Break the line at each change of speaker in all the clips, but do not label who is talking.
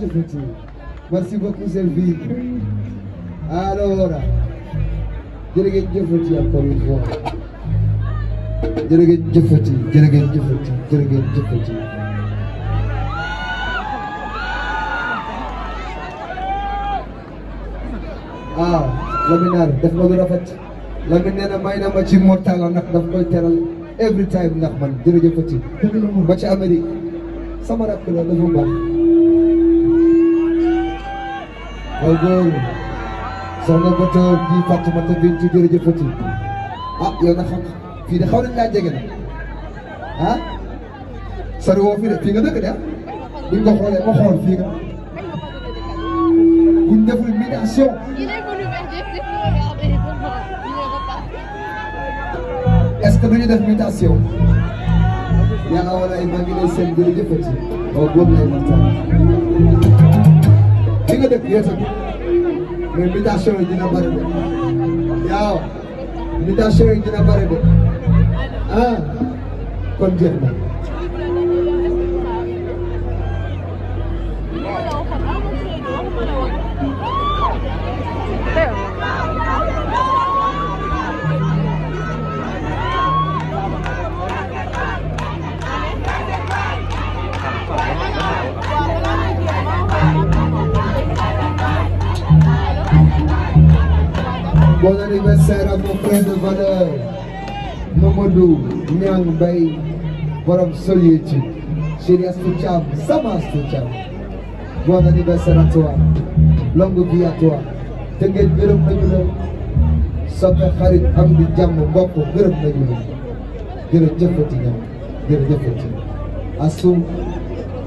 jëfati merci beaucoup Sylvie alors jërë ngeen jëfati encore une fois jërë ngeen jëfati jërë ngeen jëfati jërë ngeen jëfati ah Lamine def ma lu rafet Lamine nee na may na ma ci mottala nag daf koy teral every time ndax man jërëjëfati ba ci Amérique sama rakk la dafa baax way soo soxna Bata bii Fatimata bintu jërëjëfati ah yow na xam fii de xaw nañ jege na ah sori woo fii de fii nga dëkk de ah? buñ ko xoolee ma xool fii nga buñ deful médiation est-ce que duñu def médiation yàlla wala ay maa ngi lay seen jërëjëfati oo góor nga dëkk yëpp mais mutation yi dina bëri de yaaw mutation yi dina bëri de ah kon Bon anniversaire à mon frère de valeur Mamadou Niang Bay borom Solitude chéri Astou Thiam sama Astou Thiam bon anniversaire à toi longue vie te ngeen gërëm nañu la soppe xarit am di jàmm mbokk gërëm nañu la jërëjëfati ñam jërëjëfati Astou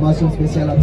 mention spéciale